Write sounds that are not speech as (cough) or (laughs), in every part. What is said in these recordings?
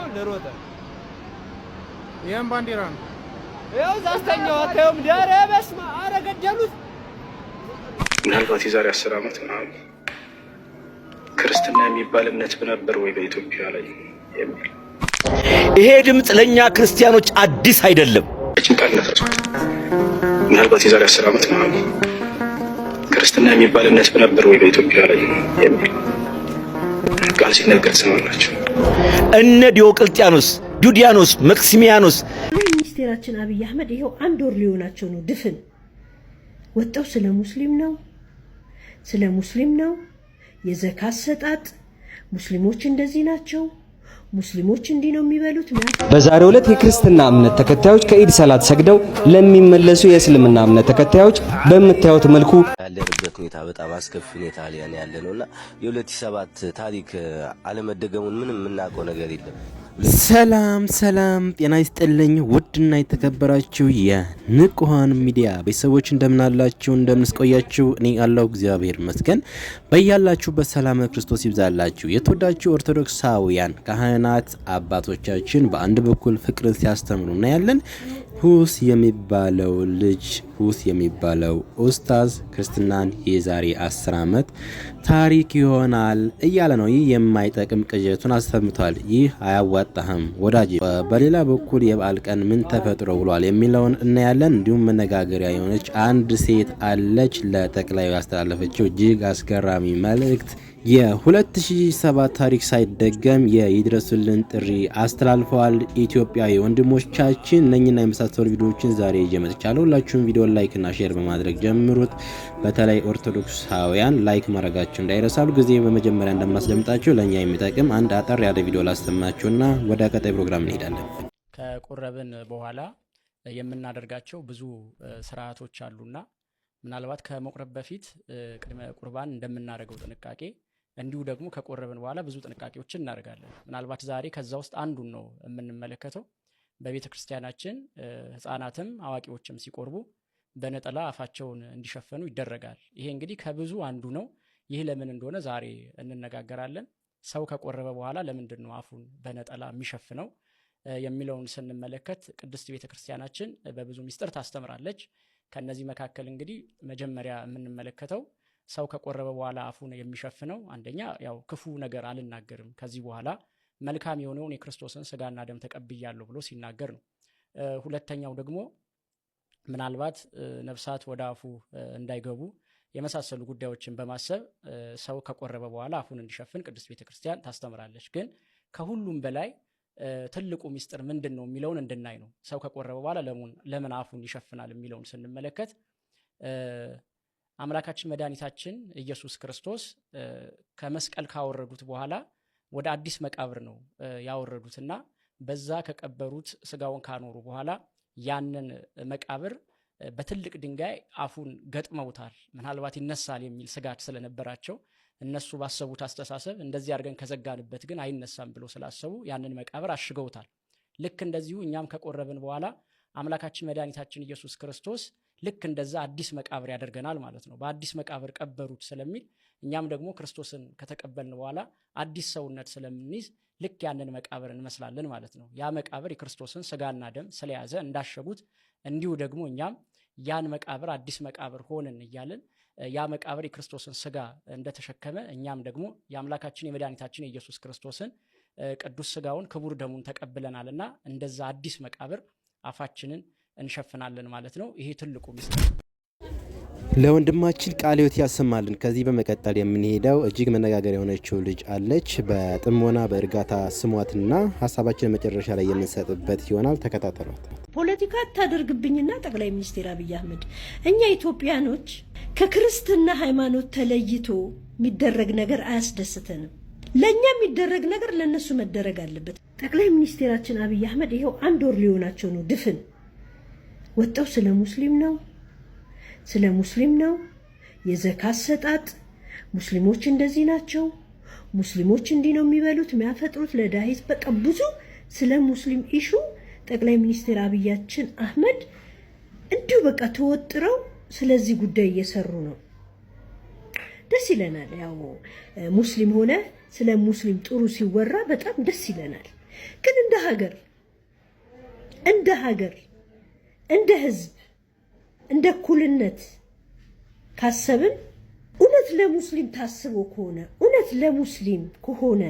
ያው ልሮጠ ይሄም ባንዲራ ነው። ያው ዛስተኛው አታየውም? ዳር በስመ አብ! ኧረ ገደሉት። ምናልባት የዛሬ አስር ዓመት ምናምን ክርስትና የሚባል እምነት ነበር ወይ በኢትዮጵያ ላይ የሚል ይሄ ድምፅ ለእኛ ክርስቲያኖች አዲስ አይደለም። ምናልባት የዛሬ አስር ዓመት ምናምን ክርስትና የሚባል እምነት ነበር ወይ በኢትዮጵያ ላይ የሚል ቃል ሲነገር ትሰማላችሁ። እነ ዲዮቅልጥያኖስ፣ ዱዲያኖስ፣ መክሲሚያኖስ ሚኒስቴራችን አብይ አህመድ ይኸው አንድ ወር ሊሆናቸው ነው ድፍን ወጣው። ስለ ሙስሊም ነው ስለ ሙስሊም ነው የዘካ አሰጣጥ ሙስሊሞች እንደዚህ ናቸው ሙስሊሞች እንዲህ ነው የሚበሉት። በዛሬው ዕለት የክርስትና እምነት ተከታዮች ከኢድ ሰላት ሰግደው ለሚመለሱ የእስልምና እምነት ተከታዮች በምታዩት መልኩ ያለንበት ሁኔታ በጣም አስከፊ ሁኔታ ያን ያለ ነውና የሁለት ሺህ ሰባት ታሪክ አለመደገሙን ምንም የምናውቀው ነገር የለም። ሰላም ሰላም፣ ጤና ይስጥልኝ ውድና የተከበራችሁ የንቁሃን ሚዲያ ቤተሰቦች እንደምናላችሁ እንደምንስቆያችሁ፣ እኔ አላው እግዚአብሔር ይመስገን። በያላችሁበት ሰላም ክርስቶስ ይብዛላችሁ። የተወዳችሁ ኦርቶዶክሳውያን ካህናት አባቶቻችን በአንድ በኩል ፍቅርን ሲያስተምሩ እናያለን። ሁስ የሚባለው ልጅ ሁስ የሚባለው ኡስታዝ ክርስትናን የዛሬ አስር ዓመት ታሪክ ይሆናል እያለ ነው። ይህ የማይጠቅም ቅዠቱን አስተምቷል። ይህ አያዋጣህም ወዳጅ። በሌላ በኩል የበዓል ቀን ምን ተፈጥሮ ውሏል የሚለውን እናያለን። እንዲሁም መነጋገሪያ የሆነች አንድ ሴት አለች። ለጠቅላዩ ያስተላለፈችው እጅግ አስገራ። ጠቃሚ መልእክት የ2007 ታሪክ ሳይደገም የይድረሱልን ጥሪ አስተላልፈዋል። ኢትዮጵያዊ ወንድሞቻችን እነኝና የመሳሰሉ ቪዲዮዎችን ዛሬ ይዤ መጥቻለሁ። ሁላችሁም ቪዲዮ ላይክ እና ሼር በማድረግ ጀምሩት። በተለይ ኦርቶዶክሳውያን ላይክ ማድረጋቸው እንዳይረሳሉ። ጊዜ በመጀመሪያ እንደማስደምጣቸው ለእኛ የሚጠቅም አንድ አጠር ያለ ቪዲዮ ላሰማችሁና ወደ ቀጣይ ፕሮግራም እንሄዳለን። ከቆረብን በኋላ የምናደርጋቸው ብዙ ስርዓቶች አሉና ምናልባት ከመቁረብ በፊት ቅድመ ቁርባን እንደምናደርገው ጥንቃቄ እንዲሁ ደግሞ ከቆረብን በኋላ ብዙ ጥንቃቄዎችን እናደርጋለን። ምናልባት ዛሬ ከዛ ውስጥ አንዱን ነው የምንመለከተው። በቤተ ክርስቲያናችን ህፃናትም አዋቂዎችም ሲቆርቡ በነጠላ አፋቸውን እንዲሸፈኑ ይደረጋል። ይሄ እንግዲህ ከብዙ አንዱ ነው። ይህ ለምን እንደሆነ ዛሬ እንነጋገራለን። ሰው ከቆረበ በኋላ ለምንድን ነው አፉን በነጠላ የሚሸፍነው የሚለውን ስንመለከት ቅድስት ቤተ ክርስቲያናችን በብዙ ሚስጥር ታስተምራለች። ከነዚህ መካከል እንግዲህ መጀመሪያ የምንመለከተው ሰው ከቆረበ በኋላ አፉን የሚሸፍነው አንደኛ ያው ክፉ ነገር አልናገርም ከዚህ በኋላ መልካም የሆነውን የክርስቶስን ስጋና ደም ተቀብያለሁ ብሎ ሲናገር ነው። ሁለተኛው ደግሞ ምናልባት ነፍሳት ወደ አፉ እንዳይገቡ የመሳሰሉ ጉዳዮችን በማሰብ ሰው ከቆረበ በኋላ አፉን እንዲሸፍን ቅዱስ ቤተ ክርስቲያን ታስተምራለች። ግን ከሁሉም በላይ ትልቁ ሚስጥር ምንድን ነው የሚለውን እንድናይ ነው። ሰው ከቆረበ በኋላ ለምን አፉን ይሸፍናል የሚለውን ስንመለከት አምላካችን መድኃኒታችን ኢየሱስ ክርስቶስ ከመስቀል ካወረዱት በኋላ ወደ አዲስ መቃብር ነው ያወረዱትና በዛ ከቀበሩት ስጋውን ካኖሩ በኋላ ያንን መቃብር በትልቅ ድንጋይ አፉን ገጥመውታል። ምናልባት ይነሳል የሚል ስጋት ስለነበራቸው እነሱ ባሰቡት አስተሳሰብ እንደዚህ አድርገን ከዘጋንበት ግን አይነሳም ብሎ ስላሰቡ ያንን መቃብር አሽገውታል። ልክ እንደዚሁ እኛም ከቆረብን በኋላ አምላካችን መድኃኒታችን ኢየሱስ ክርስቶስ ልክ እንደዛ አዲስ መቃብር ያደርገናል ማለት ነው። በአዲስ መቃብር ቀበሩት ስለሚል እኛም ደግሞ ክርስቶስን ከተቀበልን በኋላ አዲስ ሰውነት ስለምንይዝ ልክ ያንን መቃብር እንመስላለን ማለት ነው። ያ መቃብር የክርስቶስን ስጋና ደም ስለያዘ እንዳሸጉት እንዲሁ ደግሞ እኛም ያን መቃብር አዲስ መቃብር ሆንን እያለን ያ መቃብር የክርስቶስን ስጋ እንደተሸከመ እኛም ደግሞ የአምላካችን የመድኃኒታችን የኢየሱስ ክርስቶስን ቅዱስ ስጋውን ክቡር ደሙን ተቀብለናል እና እንደዛ አዲስ መቃብር አፋችንን እንሸፍናለን ማለት ነው። ይሄ ትልቁ ሚስጥር ለወንድማችን ቃለ ያሰማልን። ከዚህ በመቀጠል የምንሄደው እጅግ መነጋገር የሆነችው ልጅ አለች። በጥሞና በእርጋታ ስሟትና ሀሳባችን መጨረሻ ላይ የምንሰጥበት ይሆናል። ተከታተሏት። ፖለቲካ ታደርግብኝና ጠቅላይ ሚኒስትር አብይ አህመድ እኛ ኢትዮጵያኖች ከክርስትና ሃይማኖት ተለይቶ የሚደረግ ነገር አያስደስተንም። ለእኛ የሚደረግ ነገር ለእነሱ መደረግ አለበት። ጠቅላይ ሚኒስትራችን አብይ አህመድ ይኸው አንድ ወር ሊሆናቸው ነው ድፍን ወጣው ስለ ሙስሊም ነው ስለ ሙስሊም ነው። የዘካ አሰጣጥ ሙስሊሞች እንደዚህ ናቸው፣ ሙስሊሞች እንዲህ ነው የሚበሉት የሚያፈጥሩት ለዳሂዝ በቃ ብዙ ስለ ሙስሊም ኢሹ ጠቅላይ ሚኒስትር አብያችን አህመድ እንዲሁ በቃ ተወጥረው ስለዚህ ጉዳይ እየሰሩ ነው። ደስ ይለናል። ያው ሙስሊም ሆነ ስለ ሙስሊም ጥሩ ሲወራ በጣም ደስ ይለናል። ግን እንደ ሀገር እንደ ሀገር እንደ ህዝብ እንደ እኩልነት ካሰብን እውነት ለሙስሊም ታስቦ ከሆነ እውነት ለሙስሊም ከሆነ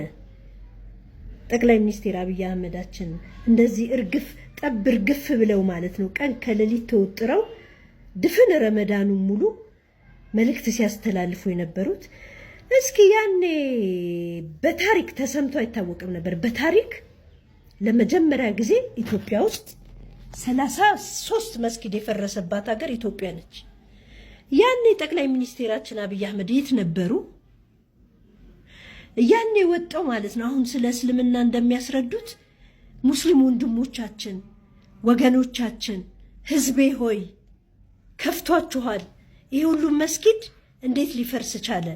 ጠቅላይ ሚኒስትር አብይ አህመዳችን እንደዚህ እርግፍ ጠብ እርግፍ ብለው ማለት ነው ቀን ከሌሊት ተወጥረው ድፍን ረመዳኑን ሙሉ መልእክት ሲያስተላልፉ የነበሩት እስኪ ያኔ በታሪክ ተሰምቶ አይታወቅም ነበር። በታሪክ ለመጀመሪያ ጊዜ ኢትዮጵያ ውስጥ ሰላሳ ሶስት መስጊድ የፈረሰባት ሀገር ኢትዮጵያ ነች። ያኔ ጠቅላይ ሚኒስቴራችን አብይ አህመድ የት ነበሩ? ያኔ ወጣው ማለት ነው። አሁን ስለ እስልምና እንደሚያስረዱት ሙስሊም ወንድሞቻችን፣ ወገኖቻችን፣ ህዝቤ ሆይ ከፍቷችኋል፣ ይህ ሁሉም መስጊድ እንዴት ሊፈርስ ቻለ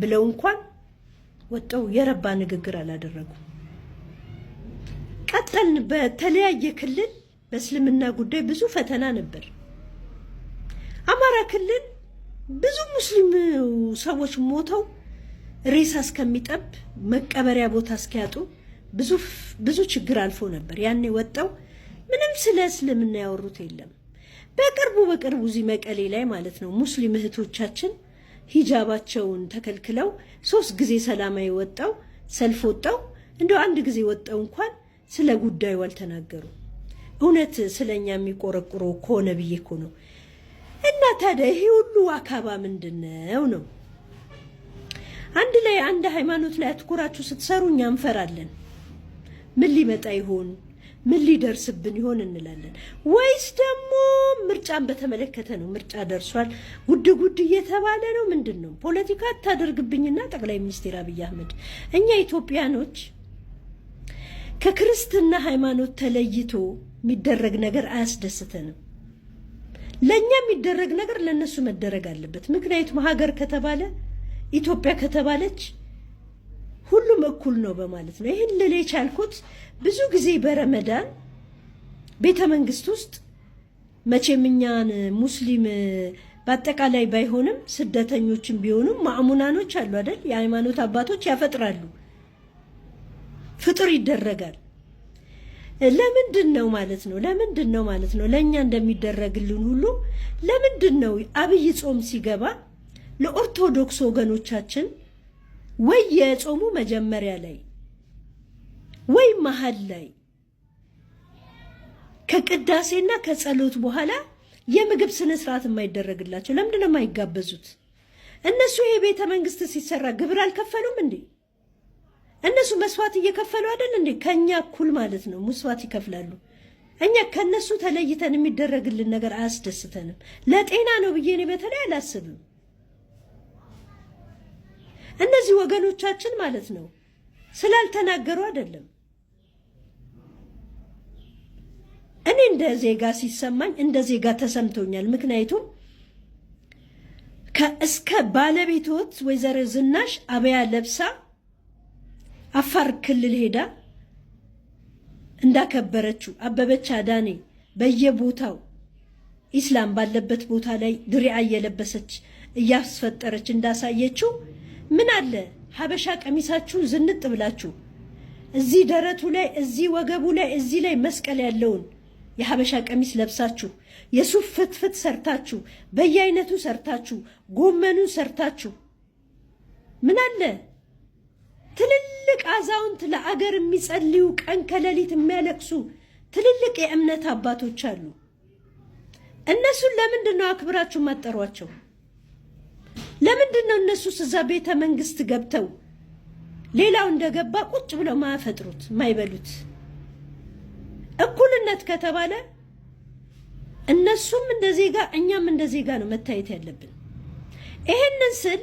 ብለው እንኳን ወጠው የረባ ንግግር አላደረጉም። ቀጠልን። በተለያየ ክልል በእስልምና ጉዳይ ብዙ ፈተና ነበር። አማራ ክልል ብዙ ሙስሊም ሰዎች ሞተው ሬሳ እስከሚጠብ መቀበሪያ ቦታ እስኪያጡ ብዙ ብዙ ችግር አልፎ ነበር። ያኔ ወጣው ምንም ስለ እስልምና ያወሩት የለም። በቅርቡ በቅርቡ እዚህ መቀሌ ላይ ማለት ነው ሙስሊም እህቶቻችን ሂጃባቸውን ተከልክለው ሶስት ጊዜ ሰላማዊ ወጣው ሰልፍ ወጣው እንደው አንድ ጊዜ ወጣው እንኳን ስለ ጉዳዩ አልተናገሩም። እውነት ስለኛ የሚቆረቁረው ከሆነ ብዬ እኮ ነው። እና ታዲያ ይሄ ሁሉ አካባ ምንድን ነው አንድ ላይ አንድ ሃይማኖት ላይ አትኩራችሁ ስትሰሩ እኛ እንፈራለን። ምን ሊመጣ ይሆን ምን ሊደርስብን ይሆን እንላለን። ወይስ ደግሞ ምርጫን በተመለከተ ነው? ምርጫ ደርሷል፣ ጉድ ጉድ እየተባለ ነው። ምንድን ነው ፖለቲካ ታደርግብኝና ጠቅላይ ሚኒስትር አብይ አህመድ እኛ ኢትዮጵያኖች ከክርስትና ሃይማኖት ተለይቶ የሚደረግ ነገር አያስደስተንም። ለእኛ የሚደረግ ነገር ለእነሱ መደረግ አለበት። ምክንያቱም ሀገር ከተባለ ኢትዮጵያ ከተባለች ሁሉም እኩል ነው በማለት ነው። ይህን ልል የቻልኩት ብዙ ጊዜ በረመዳን ቤተ መንግስት ውስጥ መቼም እኛን ሙስሊም በአጠቃላይ ባይሆንም ስደተኞችም ቢሆኑም ማዕሙናኖች አሉ አይደል? የሃይማኖት አባቶች ያፈጥራሉ ፍጡር ይደረጋል። ለምንድን ነው ማለት ነው? ለምንድን ነው ማለት ነው? ለእኛ እንደሚደረግልን ሁሉ ለምንድን ነው አብይ ጾም ሲገባ ለኦርቶዶክስ ወገኖቻችን ወይ የጾሙ መጀመሪያ ላይ ወይ መሀል ላይ ከቅዳሴና ከጸሎት በኋላ የምግብ ስነ ስርዓት የማይደረግላቸው ለምንድን ነው የማይጋበዙት? እነሱ ይሄ ቤተ መንግስት ሲሰራ ግብር አልከፈሉም እንዴ? እነሱ መስዋዕት እየከፈሉ አይደል እንዴ? ከኛ እኩል ማለት ነው መስዋዕት ይከፍላሉ። እኛ ከነሱ ተለይተን የሚደረግልን ነገር አያስደስተንም። ለጤና ነው ብዬ እኔ በተለይ አላስብም። እነዚህ ወገኖቻችን ማለት ነው ስላልተናገሩ አይደለም። እኔ እንደ ዜጋ ሲሰማኝ እንደ ዜጋ ተሰምቶኛል። ምክንያቱም ከእስከ ባለቤቶት ወይዘሮ ዝናሽ አበያ ለብሳ አፋር ክልል ሄዳ እንዳከበረችው አበበች አዳኔ በየቦታው ኢስላም ባለበት ቦታ ላይ ድሪያ እየለበሰች እያስፈጠረች እንዳሳየችው ምን አለ ሀበሻ ቀሚሳችሁን ዝንጥ ብላችሁ እዚህ ደረቱ ላይ እዚህ ወገቡ ላይ እዚህ ላይ መስቀል ያለውን የሀበሻ ቀሚስ ለብሳችሁ የሱፍ ፍትፍት ሰርታችሁ በየአይነቱ ሰርታችሁ ጎመኑን ሰርታችሁ ምን አለ ትልል ትልልቅ አዛውንት ለአገር የሚጸልዩ ቀን ከሌሊት የሚያለቅሱ ትልልቅ የእምነት አባቶች አሉ። እነሱን ለምንድን ነው አክብራችሁ ማጠሯቸው? ለምንድን ነው እነሱስ እዛ ቤተ መንግስት ገብተው ሌላው እንደገባ ቁጭ ብለው ማያፈጥሩት ማይበሉት? እኩልነት ከተባለ እነሱም እንደ ዜጋ እኛም እንደ ዜጋ ነው መታየት ያለብን። ይህንን ስል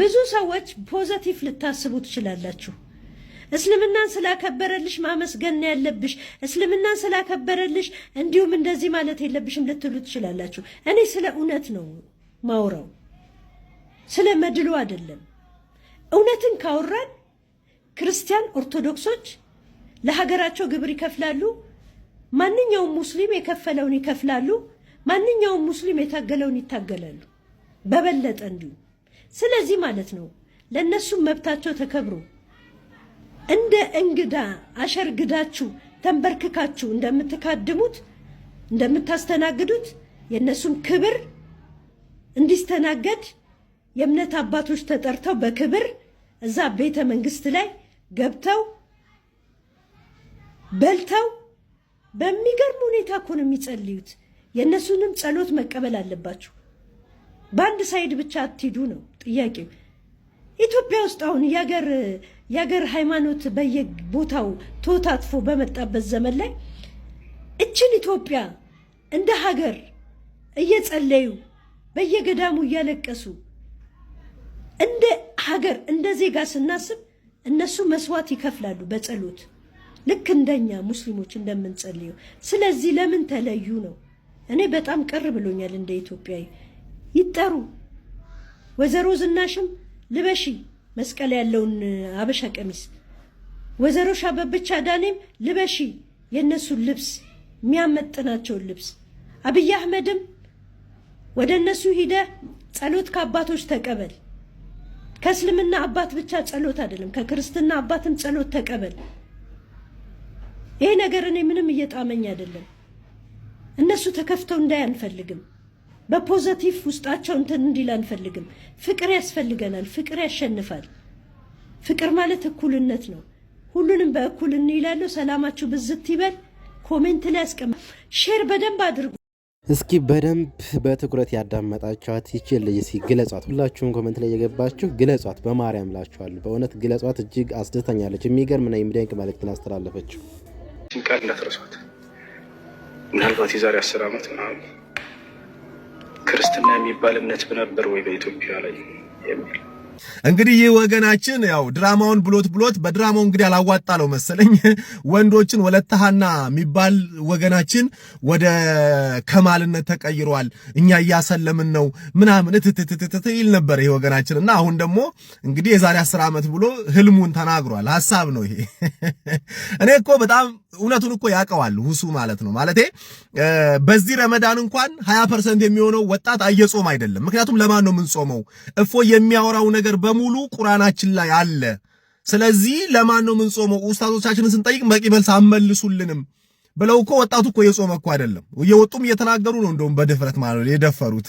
ብዙ ሰዎች ፖዘቲቭ ልታስቡ ትችላላችሁ። እስልምናን ስላከበረልሽ ማመስገን ያለብሽ፣ እስልምናን ስላከበረልሽ እንዲሁም እንደዚህ ማለት የለብሽም ልትሉ ትችላላችሁ። እኔ ስለ እውነት ነው ማውራው፣ ስለ መድሎ አይደለም። እውነትን ካወራን ክርስቲያን ኦርቶዶክሶች ለሀገራቸው ግብር ይከፍላሉ። ማንኛውም ሙስሊም የከፈለውን ይከፍላሉ። ማንኛውም ሙስሊም የታገለውን ይታገላሉ። በበለጠ እንዲሁ ስለዚህ ማለት ነው ለእነሱም መብታቸው ተከብሮ እንደ እንግዳ አሸርግዳችሁ ተንበርክካችሁ እንደምትካድሙት እንደምታስተናግዱት የእነሱም ክብር እንዲስተናገድ የእምነት አባቶች ተጠርተው በክብር እዛ ቤተ መንግስት ላይ ገብተው በልተው በሚገርም ሁኔታ እኮ ነው የሚጸልዩት። የእነሱንም ጸሎት መቀበል አለባችሁ። በአንድ ሳይድ ብቻ አትሂዱ ነው። ጥያቄው ኢትዮጵያ ውስጥ አሁን የሀገር ሃይማኖት በየቦታው ተወታትፎ በመጣበት ዘመን ላይ እችን ኢትዮጵያ እንደ ሀገር እየጸለዩ በየገዳሙ እያለቀሱ እንደ ሀገር እንደ ዜጋ ስናስብ እነሱ መስዋዕት ይከፍላሉ በጸሎት ልክ እንደኛ ሙስሊሞች እንደምንጸልየው። ስለዚህ ለምን ተለዩ ነው? እኔ በጣም ቅር ብሎኛል እንደ ኢትዮጵያዊ። ይጠሩ ወይዘሮ ዝናሽም ልበሺ መስቀል ያለውን አበሻ ቀሚስ፣ ወይዘሮ ሻበብቻ ዳኔም ልበሺ የእነሱን ልብስ የሚያመጥናቸውን ልብስ፣ አብይ አህመድም ወደ እነሱ ሂደ ጸሎት ከአባቶች ተቀበል። ከእስልምና አባት ብቻ ጸሎት አይደለም፣ ከክርስትና አባትም ጸሎት ተቀበል። ይሄ ነገር እኔ ምንም እየጣመኝ አይደለም። እነሱ ተከፍተው እንዳይ አንፈልግም። በፖዘቲቭ ውስጣቸው እንትን እንዲል አንፈልግም። ፍቅር ያስፈልገናል። ፍቅር ያሸንፋል። ፍቅር ማለት እኩልነት ነው። ሁሉንም በእኩል እንይላለሁ። ሰላማችሁ ብዝት ይበል። ኮሜንት ላይ ያስቀምጡ፣ ሼር በደንብ አድርጉ። እስኪ በደንብ በትኩረት ያዳመጣችኋት ይችል ልጅ እስኪ ግለጿት። ሁላችሁም ኮመንት ላይ የገባችሁ ግለጿት፣ በማርያም ላችኋል። በእውነት ግለጿት። እጅግ አስደስተኛለች። የሚገርምና የሚደንቅ መልእክት አስተላለፈችው። ቃል እንዳትረሷት። ምናልባት የዛሬ አስር ዓመት ምናምን ክርስትና የሚባል እምነት ነበር ወይ በኢትዮጵያ ላይ የሚል እንግዲህ ይህ ወገናችን ያው ድራማውን ብሎት ብሎት በድራማው እንግዲህ አላዋጣ ነው መሰለኝ (laughs) ወንዶችን ወለተሃና የሚባል ወገናችን ወደ ከማልነት ተቀይሯል። እኛ እያሰለምን ነው ምናምን እትትትትት ይል ነበር ይሄ ወገናችን እና አሁን ደግሞ እንግዲህ የዛሬ አስር ዓመት ብሎ ህልሙን ተናግሯል። ሀሳብ ነው ይሄ። (laughs) እኔ እኮ በጣም እውነቱን እኮ ያውቀዋል ሁሱ ማለት ነው። ማለቴ በዚህ ረመዳን እንኳን 20% የሚሆነው ወጣት አየጾም አይደለም። ምክንያቱም ለማን ነው የምንጾመው? እፎ የሚያወራው ነገር በሙሉ ቁራናችን ላይ አለ። ስለዚህ ለማን ነው የምንጾመው? ኡስታዞቻችንን ስንጠይቅ በቂ መልስ አመልሱልንም። ብለው እኮ ወጣቱ እኮ የጾመ እኮ አይደለም እየወጡም እየተናገሩ ነው። እንደውም በድፍረት ማለት የደፈሩት።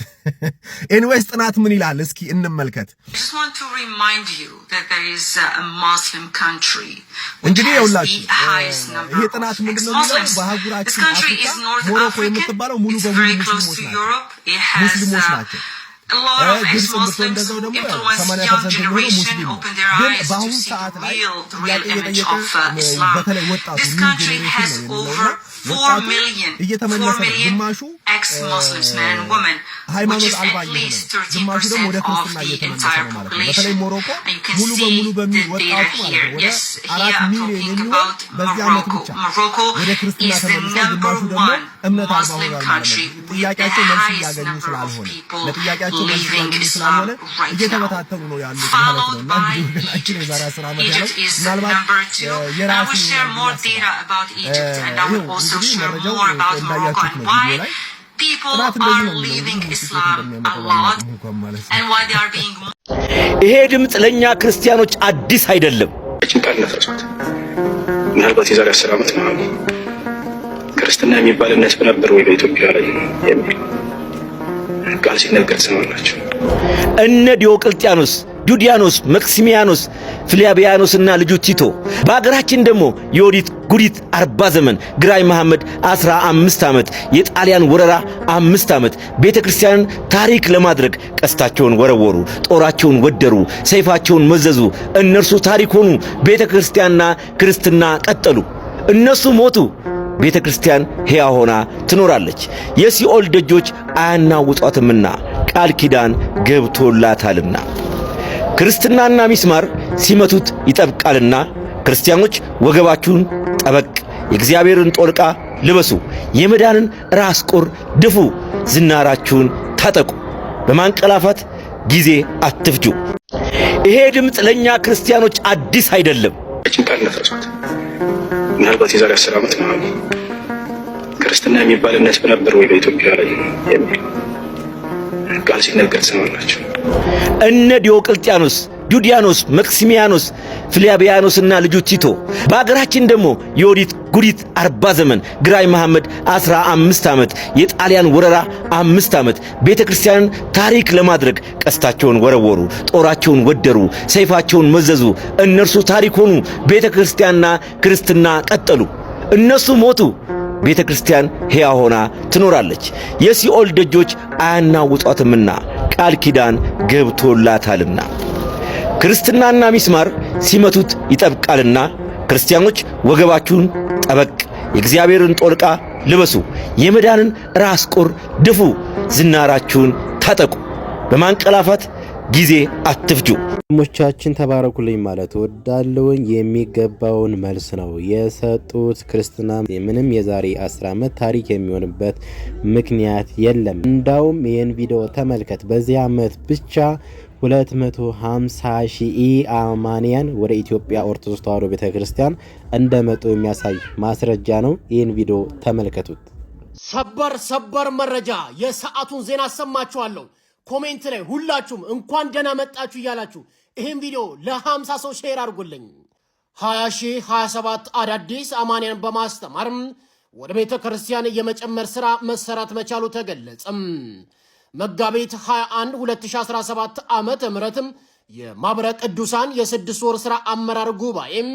ኤኒዌይስ (laughs) ጥናት ምን ይላል እስኪ እንመልከት። እንግዲህ የውላችሁ ይሄ ጥናት ምንድን ነው የሚለው በአህጉራችን አፍሪካ ሞሮኮ የምትባለው ሙሉ በሙሉ ሙስሊሞች ናቸው A lot of ex-Muslims eh, influence young generation open their eyes to see the real, real image of uh, Islam. This country has over 4 million, ex-Muslims men and women, which is at least 30% of the entire population. And you can see the data here. Yes, here I'm talking about Morocco. Morocco is the number one Muslim country with the highest number of people leaving Islam right now, followed by Egypt. Egypt is number two. And I will share more data about Egypt and I will also share more about Morocco and why ይሄ ድምፅ ለእኛ ክርስቲያኖች አዲስ አይደለም። ቃል ነፈርሷት ምናልባት የዛሬ አስር ዓመት ምናምን ክርስትና የሚባል እምነት ነበር ወይ በኢትዮጵያ ላይ የሚል ቃል ሲነገር ትሰማላቸው እነ ዲዮቅልጥያኖስ ዱዲያኖስ፣ መክሲሚያኖስ፣ ፍላቢያኖስና ልጁ ቲቶ። በአገራችን ደግሞ የዮዲት ጉዲት አርባ ዘመን ግራኝ መሐመድ አስራ አምስት ዓመት የጣሊያን ወረራ አምስት ዓመት ቤተ ክርስቲያንን ታሪክ ለማድረግ ቀስታቸውን ወረወሩ፣ ጦራቸውን ወደሩ፣ ሰይፋቸውን መዘዙ። እነርሱ ታሪክ ሆኑ። ቤተ ክርስቲያንና ክርስትና ቀጠሉ። እነሱ ሞቱ። ቤተ ክርስቲያን ሕያ ሆና ትኖራለች። የሲኦል ደጆች አያናውጧትምና ቃል ኪዳን ገብቶላታልና። ክርስትናና ሚስማር ሲመቱት ይጠብቃልና ክርስቲያኖች ወገባችሁን ጠበቅ፣ የእግዚአብሔርን ጦር ዕቃ ልበሱ፣ የመዳንን ራስ ቁር ድፉ፣ ዝናራችሁን ታጠቁ፣ በማንቀላፋት ጊዜ አትፍጁ። ይሄ ድምፅ ለእኛ ክርስቲያኖች አዲስ አይደለም። ችን ቃል ነፍረሷት ምናልባት የዛሬ አስር ዓመት ክርስትና የሚባል እምነት በነበር ወይ በኢትዮጵያ ላይ የሚል ቃል ሲናገር ትሰማላችሁ። እነ ዲዮቅልጥያኖስ ጁዲያኖስ፣ መክሲሚያኖስ፣ ፍሊያቢያኖስ እና ልጁ ቲቶ በአገራችን ደግሞ የወዲት ጉዲት አርባ ዘመን ግራኝ መሐመድ አስራ አምስት ዓመት የጣሊያን ወረራ አምስት ዓመት ቤተ ክርስቲያንን ታሪክ ለማድረግ ቀስታቸውን ወረወሩ፣ ጦራቸውን ወደሩ፣ ሰይፋቸውን መዘዙ። እነርሱ ታሪክ ሆኑ። ቤተ ክርስቲያንና ክርስትና ቀጠሉ። እነሱ ሞቱ። ቤተ ክርስቲያን ሕያ ሆና ትኖራለች። የሲኦል ደጆች አያናውጧትምና ቃል ኪዳን ገብቶላታልና ክርስትናና ሚስማር ሲመቱት ይጠብቃልና ክርስቲያኖች ወገባችሁን ጠበቅ፣ የእግዚአብሔርን ጦርቃ ልበሱ፣ የመዳንን ራስ ቁር ድፉ፣ ዝናራችሁን ታጠቁ። በማንቀላፋት ጊዜ አትፍጁ። ሞቻችን ተባረኩልኝ ማለት ወዳለውን የሚገባውን መልስ ነው የሰጡት። ክርስትና ምንም የዛሬ 10 ዓመት ታሪክ የሚሆንበት ምክንያት የለም። እንዳውም ይህን ቪዲዮ ተመልከት። በዚህ ዓመት ብቻ 250 ሺህ አማንያን ወደ ኢትዮጵያ ኦርቶዶክስ ተዋሕዶ ቤተ ክርስቲያን እንደመጡ የሚያሳይ ማስረጃ ነው። ይህን ቪዲዮ ተመልከቱት። ሰበር ሰበር መረጃ የሰዓቱን ዜና አሰማችኋለሁ። ኮሜንት ላይ ሁላችሁም እንኳን ደህና መጣችሁ እያላችሁ ይህም ቪዲዮ ለሀምሳ ሰው ሼር አድርጎልኝ ሀያ ሺህ ሀያ ሰባት አዳዲስ አማንያን በማስተማር ወደ ቤተ ክርስቲያን የመጨመር ሥራ መሰራት መቻሉ ተገለጸም። መጋቢት 21 2017 ዓመተ ምሕረትም የማኅበረ ቅዱሳን የስድስት ወር ሥራ አመራር ጉባኤም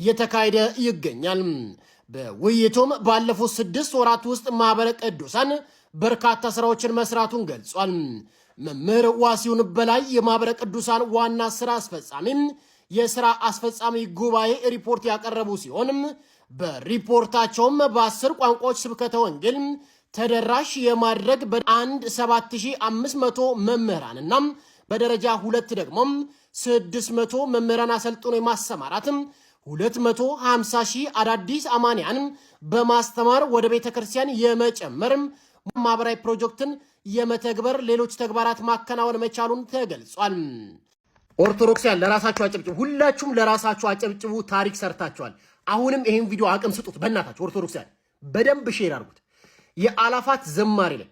እየተካሄደ ይገኛል። በውይይቱም ባለፉት ስድስት ወራት ውስጥ ማኅበረ ቅዱሳን በርካታ ሥራዎችን መስራቱን ገልጿል። መምህር ዋሲሁን በላይ የማኅበረ ቅዱሳን ዋና ሥራ አስፈጻሚም የሥራ አስፈጻሚ ጉባኤ ሪፖርት ያቀረቡ ሲሆንም በሪፖርታቸውም በአስር ቋንቋዎች ስብከተ ወንጌል ተደራሽ የማድረግ በአንድ 7500 መምህራንና በደረጃ ሁለት ደግሞ 600 መምህራን አሰልጥኖ የማሰማራትም 250 ሺህ አዳዲስ አማንያን በማስተማር ወደ ቤተ ክርስቲያን የመጨመርም ማህበራዊ ፕሮጀክትን የመተግበር ሌሎች ተግባራት ማከናወን መቻሉን ተገልጿል። ኦርቶዶክሳውያን ለራሳችሁ አጨብጭቡ፣ ሁላችሁም ለራሳችሁ አጨብጭቡ። ታሪክ ሰርታችኋል። አሁንም ይህን ቪዲዮ አቅም ስጡት። በእናታችሁ ኦርቶዶክሳውያን በደንብ ሼር አድርጉት። የአላፋት ዘማሪ ላይ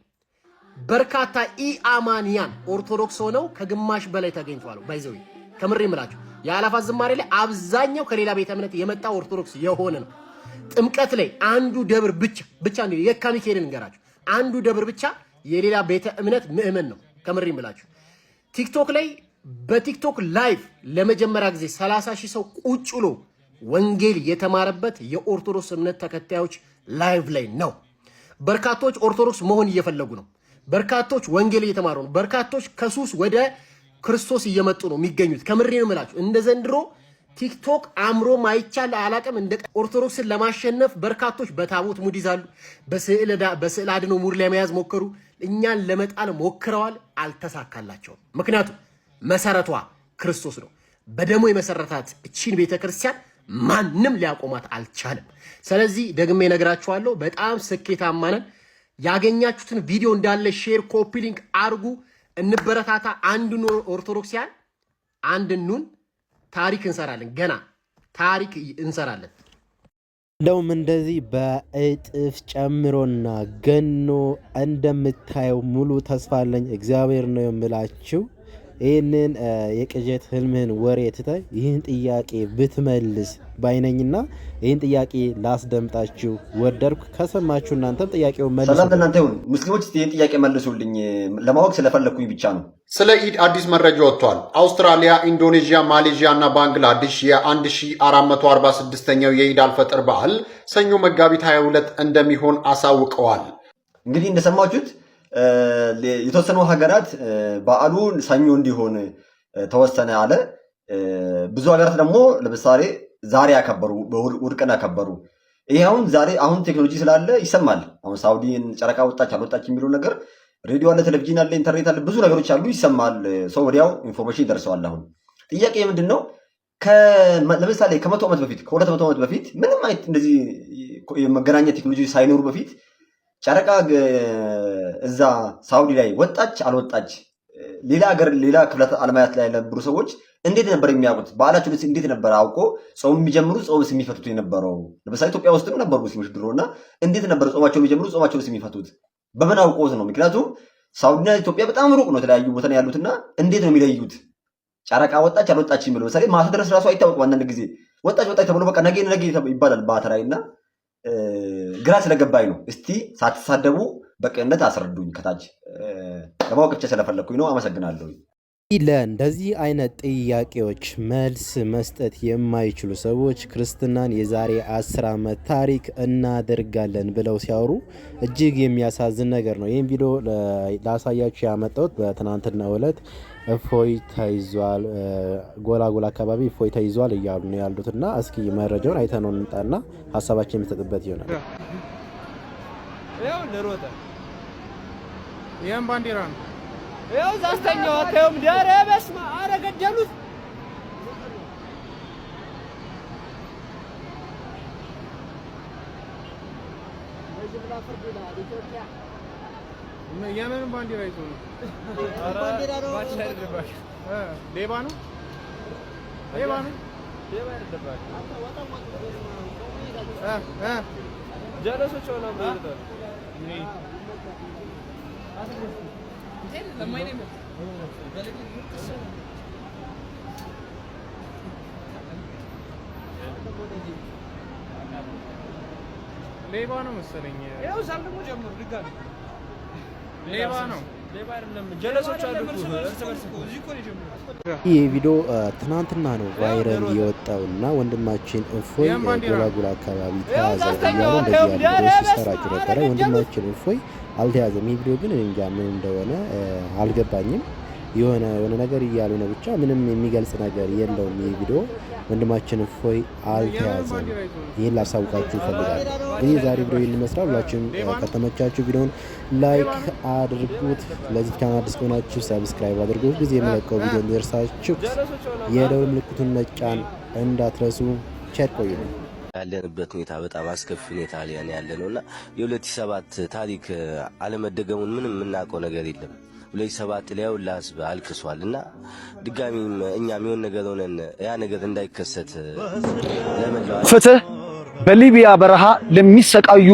በርካታ ኢአማንያን ኦርቶዶክስ ሆነው ከግማሽ በላይ ተገኝተዋል። ባይዘዊ ከምሬ ምላችሁ የአላፋት ዝማሬ ላይ አብዛኛው ከሌላ ቤተ እምነት የመጣ ኦርቶዶክስ የሆነ ነው። ጥምቀት ላይ አንዱ ደብር ብቻ ብቻ የካ ሚካኤልን እንገራችሁ አንዱ ደብር ብቻ የሌላ ቤተ እምነት ምእመን ነው። ከምሪ ብላችሁ ቲክቶክ ላይ በቲክቶክ ላይቭ ለመጀመሪያ ጊዜ 30 ሺህ ሰው ቁጭ ብሎ ወንጌል የተማረበት የኦርቶዶክስ እምነት ተከታዮች ላይቭ ላይ ነው። በርካቶች ኦርቶዶክስ መሆን እየፈለጉ ነው። በርካቶች ወንጌል እየተማሩ ነው። በርካቶች ከሱስ ወደ ክርስቶስ እየመጡ ነው የሚገኙት። ከምሬን ብላችሁ እንደ ዘንድሮ ቲክቶክ አምሮ ማይቻል አላቅም። እንደ ኦርቶዶክስን ለማሸነፍ በርካቶች በታቦት ሙድ ይዛሉ። በስዕል አድኖ ሙድ ለመያዝ ሞከሩ። እኛን ለመጣል ሞክረዋል፣ አልተሳካላቸውም። ምክንያቱም መሰረቷ ክርስቶስ ነው። በደሞ የመሰረታት እቺን ቤተ ክርስቲያን ማንም ሊያቆማት አልቻለም። ስለዚህ ደግሜ እነግራችኋለሁ፣ በጣም ስኬታማ ነን። ያገኛችሁትን ቪዲዮ እንዳለ ሼር፣ ኮፒ ሊንክ እንበረታታ። አንድ ኦርቶዶክሲያን አንድ ኑን ታሪክ እንሰራለን። ገና ታሪክ እንሰራለን። እንደውም እንደዚህ በእጥፍ ጨምሮና ገኖ እንደምታየው ሙሉ ተስፋ አለኝ። እግዚአብሔር ነው የምላችሁ። ይህንን የቅዠት ህልምህን ወሬ ትተህ ይህን ጥያቄ ብትመልስ ባይነኝና ይህን ጥያቄ ላስደምጣችሁ ወደድኩ። ከሰማችሁ እናንተም ጥያቄውን መልሱ። ሰላም ለእናንተ ይሁን። ሙስሊሞች ይህን ጥያቄ መልሱልኝ፣ ለማወቅ ስለፈለግኩኝ ብቻ ነው። ስለ ኢድ አዲስ መረጃ ወጥቷል። አውስትራሊያ፣ ኢንዶኔዥያ፣ ማሌዥያ እና ባንግላዴሽ የ1446ኛው የኢድ አልፈጥር በዓል ሰኞ መጋቢት 22 እንደሚሆን አሳውቀዋል። እንግዲህ እንደሰማችሁት የተወሰኑ ሀገራት በዓሉ ሰኞ እንዲሆን ተወሰነ አለ። ብዙ ሀገራት ደግሞ ለምሳሌ ዛሬ ያከበሩ ውድቅን ያከበሩ። ይሄ አሁን ዛሬ አሁን ቴክኖሎጂ ስላለ ይሰማል። አሁን ሳውዲ ጨረቃ ወጣች አልወጣች የሚለው ነገር ሬዲዮ አለ፣ ቴሌቪዥን አለ፣ ኢንተርኔት አለ፣ ብዙ ነገሮች አሉ፣ ይሰማል። ሰው ወዲያው ኢንፎርሜሽን ይደርሰዋል። አሁን ጥያቄ ምንድን ነው? ለምሳሌ ከመቶ ዓመት በፊት ከሁለት መቶ ዓመት በፊት ምንም አይነት እንደዚህ የመገናኛ ቴክኖሎጂ ሳይኖሩ በፊት ጨረቃ እዛ ሳውዲ ላይ ወጣች አልወጣች ሌላ ሀገር ሌላ ክፍለ ዓለማት ላይ የነበሩ ሰዎች እንዴት ነበር የሚያውቁት? በዓላቸው እንዴት ነበር አውቆ ጾም የሚጀምሩ ስ የሚፈቱት የነበረው? ለምሳሌ ኢትዮጵያ ውስጥ ነበሩ ሙስሊሞች ድሮ እና እንዴት ነበር ጾማቸው የሚጀምሩ ጾማቸውስ የሚፈቱት በምን አውቆት ነው? ምክንያቱም ሳውዲና ኢትዮጵያ በጣም ሩቅ ነው፣ የተለያዩ ቦታ ያሉትና እንዴት ነው የሚለዩት? ጨረቃ ወጣች አልወጣች የሚለው ለምሳሌ ማታ ድረስ ራሱ አይታወቅም። አንዳንድ ጊዜ ወጣች ወጣች ተብሎ በቃ ነገ ነገ ይባላል በአተራይ እና ግራ ስለገባኝ ነው። እስቲ ሳትሳደቡ በቅንነት አስረዱኝ። ከታች ለማወቅ ብቻ ስለፈለግኩኝ ነው። አመሰግናለሁ። ለእንደዚህ አይነት ጥያቄዎች መልስ መስጠት የማይችሉ ሰዎች ክርስትናን የዛሬ አስር ዓመት ታሪክ እናደርጋለን ብለው ሲያወሩ እጅግ የሚያሳዝን ነገር ነው። ይህም ቪዲዮ ላሳያችሁ ያመጣሁት በትናንትና ዕለት እፎይ ተይዟል፣ ጎላጎላ አካባቢ እፎይ ተይዟል እያሉ ነው ያሉት እና እስኪ መረጃውን አይተነው እንጣና ሀሳባችን የሚሰጥበት ይሆናል። ይህም ባንዲራ ነው። ይኸው ዛስተኛው አታየውም? ኧረ በስመ አብ! ኧረ ገደሉት። የምን ባንዲራ ይዞ ነው? ሌባ ነው፣ ሌባ ነው። ጀለሶች ሆነ ሌባ ነው መሰለኝ። ያው ሳል ደግሞ ጀምር ድጋሚ ሌባ ነው። ይህ ቪዲዮ ትናንትና ነው ቫይረል የወጣውና ወንድማችን እፎይ ጎላጉል አካባቢ ተያዘ እያሉ እንደዚህ ያሉ ሰራችሁ ነበረ። ወንድማችን እፎይ አልተያዘም። ይህ ቪዲዮ ግን እንጃ ምን እንደሆነ አልገባኝም። የሆነ የሆነ ነገር እያሉ ነው። ብቻ ምንም የሚገልጽ ነገር የለውም። ይህ ቪዲዮ ወንድማችን እፎይ አልተያዘም። ይህን ላሳውቃችሁ ይፈልጋል። እንግዲህ ዛሬ ቪዲዮ ይህን ይመስላል። ሁላችሁም ከተመቻችሁ ቪዲዮን ላይክ አድርጉት። ለዚህ ቻናል አዲስ ከሆናችሁ ሰብስክራይብ አድርጉ። ጊዜ የመለቀው ቪዲዮ እንዲደርሳችሁ የደውል ምልክቱን መጫን እንዳትረሱ። ቸር ቆዩ ነው ያለንበት ሁኔታ በጣም አስከፊ ሁኔታ ላይ ያለ ነው እና የሁለት ሺህ ሰባት ታሪክ አለመደገሙን ምንም የምናውቀው ነገር የለም። ሁለት ሺህ ሰባት ላይ ያው ለህዝብ አልቅሷል እና ድጋሚም እኛም የሆን ነገር ሆነን ያ ነገር እንዳይከሰት ፍትህ በሊቢያ በረሃ ለሚሰቃዩ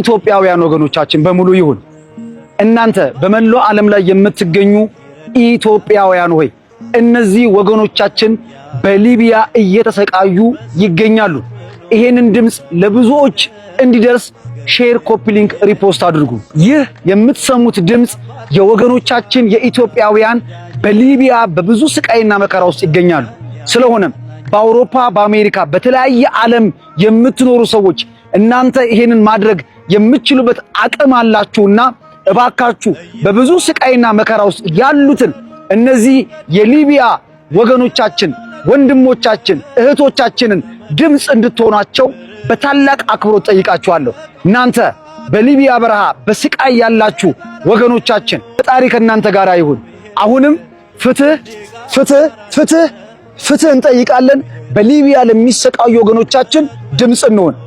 ኢትዮጵያውያን ወገኖቻችን በሙሉ ይሁን። እናንተ በመላው ዓለም ላይ የምትገኙ ኢትዮጵያውያን ሆይ እነዚህ ወገኖቻችን በሊቢያ እየተሰቃዩ ይገኛሉ። ይሄንን ድምፅ ለብዙዎች እንዲደርስ ሼር፣ ኮፒ ሊንክ፣ ሪፖስት አድርጉ። ይህ የምትሰሙት ድምፅ የወገኖቻችን የኢትዮጵያውያን በሊቢያ በብዙ ስቃይና መከራ ውስጥ ይገኛሉ። ስለሆነም በአውሮፓ፣ በአሜሪካ፣ በተለያየ ዓለም የምትኖሩ ሰዎች እናንተ ይሄንን ማድረግ የምትችሉበት አቅም አላችሁና እባካችሁ በብዙ ስቃይና መከራ ውስጥ ያሉትን እነዚህ የሊቢያ ወገኖቻችን፣ ወንድሞቻችን፣ እህቶቻችንን ድምፅ እንድትሆኗቸው በታላቅ አክብሮት ጠይቃችኋለሁ። እናንተ በሊቢያ በረሃ በስቃይ ያላችሁ ወገኖቻችን ፈጣሪ ከእናንተ ጋር ይሁን። አሁንም ፍትህ፣ ፍትህ፣ ፍትህ፣ ፍትህ እንጠይቃለን። በሊቢያ ለሚሰቃዩ ወገኖቻችን ድምፅ እንሆን።